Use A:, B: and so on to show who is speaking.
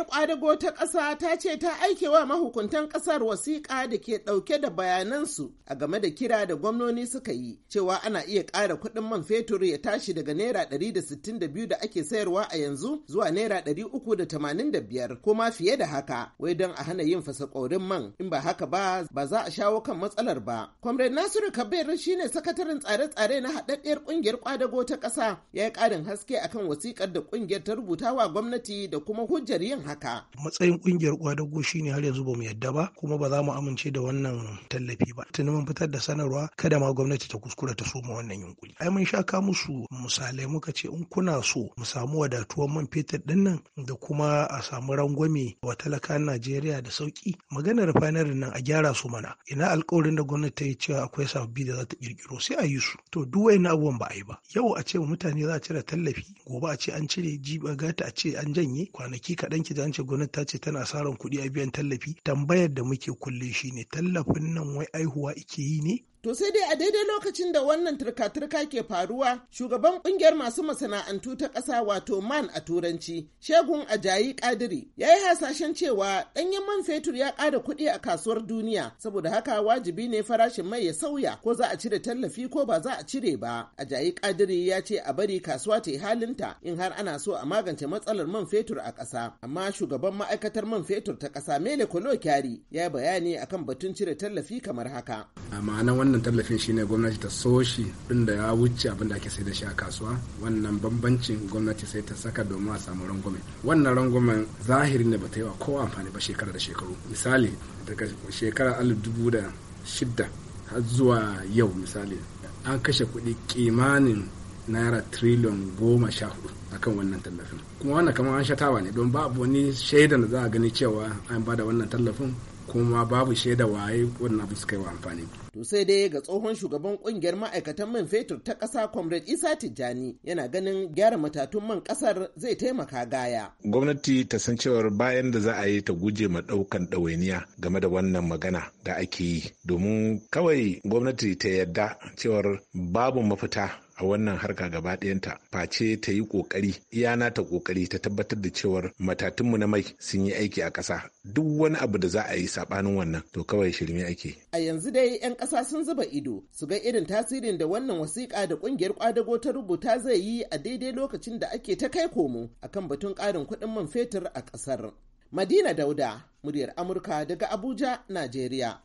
A: Ƙungiyar ƙwadago ta ƙasa ta ce ta wa mahukuntan ƙasar wasiƙa da ke ɗauke da bayanansu a game da kira da gwamnoni suka yi cewa ana iya ƙara kuɗin man fetur ya tashi daga naira ɗari da da da ake sayarwa a yanzu zuwa naira ɗari uku da tamanin 385 ko ma fiye da haka wai don a hana yin fasa fasakorin man in ba haka ba ba za a shawo kan matsalar ba. Comrade Nasiru Kabir ne sakataren tsare-tsare na haɗaɗɗiyar ƙungiyar ƙwadago ta ƙasa ya yi ƙarin haske akan wasiƙar da ƙungiyar ta rubuta wa gwamnati da kuma hujjar yin haka.
B: Matsayin kungiyar kwadago shi ne har yanzu ba mu yadda ba kuma ba za mu amince da wannan tallafi ba. Tuni mun fitar da sanarwa kada ma gwamnati ta kuskura ta soma wannan yunkuri. Ai mun shaka musu misalai muka ce in kuna so mu samu wadatuwar man fetur din nan da kuma a samu rangwame wa talakan Najeriya da sauki maganar fanarin nan a gyara su mana. Ina alkawarin da gwamnati ta yi cewa akwai sababbi da za ta kirkiro sai a yi su. To duk wani abubuwan ba a yi ba. Yau a ce mutane za a cire tallafi gobe a ce an cire jiba gata a ce an janye kwanaki kaɗan ce da ce gwamnati ta ce tana asaran kuɗi a biyan tallafi tambayar da muke kulle shi ne tallafin
A: nan wai aihuwa ike yi ne To sai dai a daidai lokacin da wannan turka-turka ke faruwa, shugaban kungiyar masu masana'antu ta ƙasa wato man a turanci, Shegun Ajayi Kadiri, ya yi hasashen cewa ɗanyen man fetur ya ƙara kuɗi a kasuwar duniya, saboda haka wajibi ne farashin mai ya sauya ko za a cire tallafi ko ba za a cire ba. Ajayi Kadiri ya ce a bari kasuwa ta yi halinta in har ana so a magance matsalar man fetur a ƙasa. Amma shugaban ma'aikatar man fetur ta ƙasa Mele Kolo Kyari ya yi bayani akan batun cire tallafi kamar haka.
C: A ma'anar wannan tallafin shine gwamnati ta soshi shi din da ya wuce abin da ake sai da shi a kasuwa wannan bambancin gwamnati sai ta saka domin a samu rangwame wannan rangwamen zahiri ne ba ta yi wa kowa amfani ba shekara da shekaru misali daga shekara alif dubu da shidda har zuwa yau misali an kashe kuɗi kimanin naira triliyon goma sha hudu akan wannan tallafin kuma wannan kamar an shatawa ne don babu wani shaidan da za a gani cewa an bada wannan tallafin kuma babu shaida waye wannan abu
D: suka yi wa amfani.
A: To sai dai ga tsohon shugaban kungiyar ma'aikatan man fetur ta ƙasa Comrade Isa Tijjani yana ganin gyara matatun man ƙasar zai taimaka gaya.
D: Gwamnati ta san cewar bayan da za a yi ta guje ma ɗaukan ɗawainiya game da wannan magana da ake yi domin kawai gwamnati ta yadda cewar babu mafita a wannan harka gaba ɗayanta face ta yi ƙoƙari iyana ta ƙoƙari ta tabbatar da cewar matatunmu na mai sun yi aiki a ƙasa duk wani abu da za a yi saɓanin wannan to kawai shirme ake.
A: A yanzu dai 'yan ƙasa sun zuba ido su ga irin tasirin da wannan wasiƙa da ƙungiyar ƙwadago ta rubuta zai yi a daidai lokacin da ake ta kai komo akan batun ƙarin kuɗin man fetur a ƙasar. Madina Dauda, muryar Amurka daga Abuja, Najeriya.